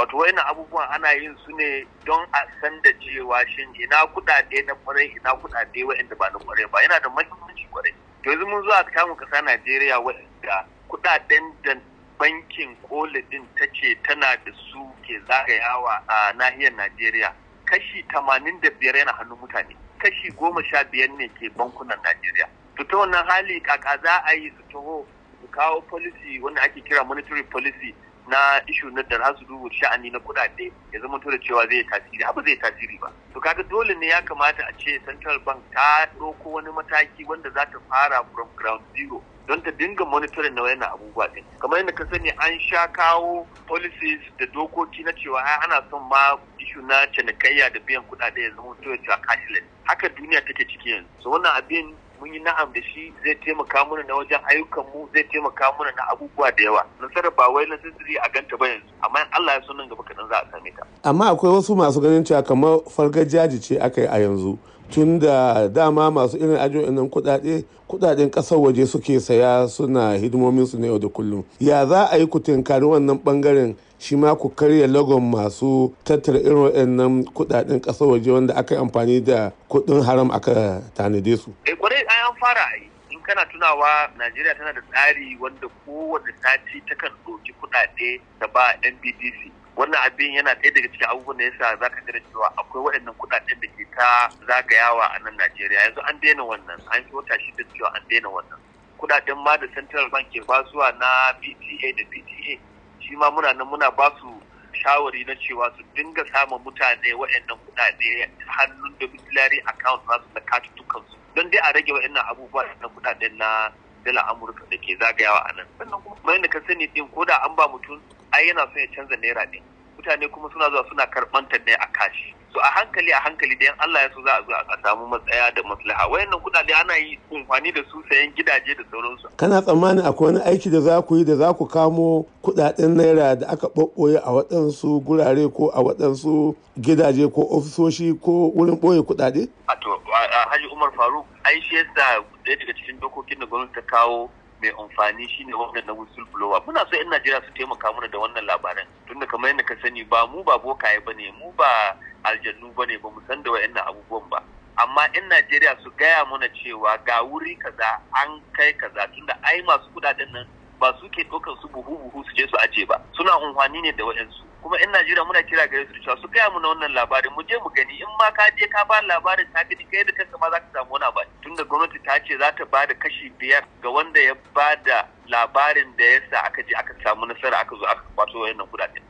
wato wayannan abubuwan ana yin su ne don a san da cewa shin ina kudade na kwarai ina kudade wayanda ba na kwarai ba yana da mahimmanci kwarai to yanzu mun zo a kamun kasa Najeriya waanda kudaden da bankin kolidin ta ce tana da su ke zagayawa a nahiyar Najeriya kashi tamanin yana hannun mutane kashi goma sha ne ke bankunan Najeriya to ta wannan hali kaka za a yi su taho su kawo policy wanda ake kira monetary policy na ishu na da su dubu sha'ani na kudade ya zama da cewa zai tasiri abu zai tasiri ba to kaga dole ne ya kamata a ce central bank ta ɗauko wani mataki wanda za ta fara from ground zero don ta dinga monitoring na wayannan abubuwa din kamar yadda ka sani an sha kawo policies da dokoki na cewa ana son ma ishu na cinikayya da biyan kudade ya zama da cewa cashless haka duniya take ciki yanzu so wannan abin mun yi na'am da shi zai taimaka mana na wajen ayyukan mu zai taimaka mana na abubuwa da yawa nasara ba wai nasiri a ganta ba yanzu amma in Allah ya so nan gaba kaɗan za a same ta amma akwai wasu masu ganin cewa kamar fargajaji ce aka yi a yanzu tun da dama masu irin ajiyoyin nan kudade kudaden kasar waje suke saya suna hidimomin su na yau da kullum ya za a yi ku tinkari wannan bangaren shi ma ku karya lagon masu tattara irin nan kudaden kasar waje wanda aka yi amfani da kudin haram aka tanade su eh, fara a yi in kana tunawa najeriya tana da tsari wanda kowane sati takan ɗauki kuɗaɗe da ba nbdc wannan abin yana ɗaya daga cikin abubuwan da yasa za ka gani cewa akwai waɗannan kuɗaɗen da ke ta zagayawa a nan najeriya yanzu an daina wannan an fi wata shi da cewa an daina wannan kuɗaɗen ma da central bank ke basuwa na PTA da PTA. shi ma muna nan muna ba su shawari na cewa su dinga samun mutane waɗannan kuɗaɗe hannun da account su da katutukansu don dai a rage waɗannan abubuwa na kudaden na dala amurka da ke zagayawa a nan sannan kuma yadda ka sani din ko da an ba mutum ai yana son ya canza naira ne mutane kuma suna zuwa suna karɓan ta ne a kashi so a hankali a hankali da yan Allah ya so za a zo a samu matsaya da maslaha wayannan kudade ana yi amfani da su sayan gidaje da sauransu kana tsammanin akwai wani aiki da za ku yi da za ku kamo kudaden naira da aka ɓoɓɓoye a waɗansu gurare ko a waɗansu gidaje ko ofisoshi ko wurin ɓoye kudade a to Alhaji Umar Faruk ai shi yasa ɗaya daga cikin dokokin da gwamnati ta kawo mai amfani shine wannan na whistle blower muna so 'yan Najeriya su taimaka mana da wannan labaran tunda kamar yadda ka sani ba mu ba bokaye bane mu ba aljannu bane ba mu san da wa'annan abubuwan ba amma 'yan Najeriya su gaya mana cewa ga wuri kaza an kai kaza tunda ai masu kudaden nan ba su ke ɗaukar su buhu buhu su je su aje ba suna amfani ne da waɗansu kuma in Najeriya muna kira gare su cewa su gaya mu na wannan labarin mu je mu gani in ma ka je ka ba labarin ta gani kai da kanka ma za ka samu wani abu tunda gwamnati ta ce za ta ba kashi biyar ga wanda ya ba da labarin da yasa aka je aka samu nasara aka zo aka kwato wayannan kudaden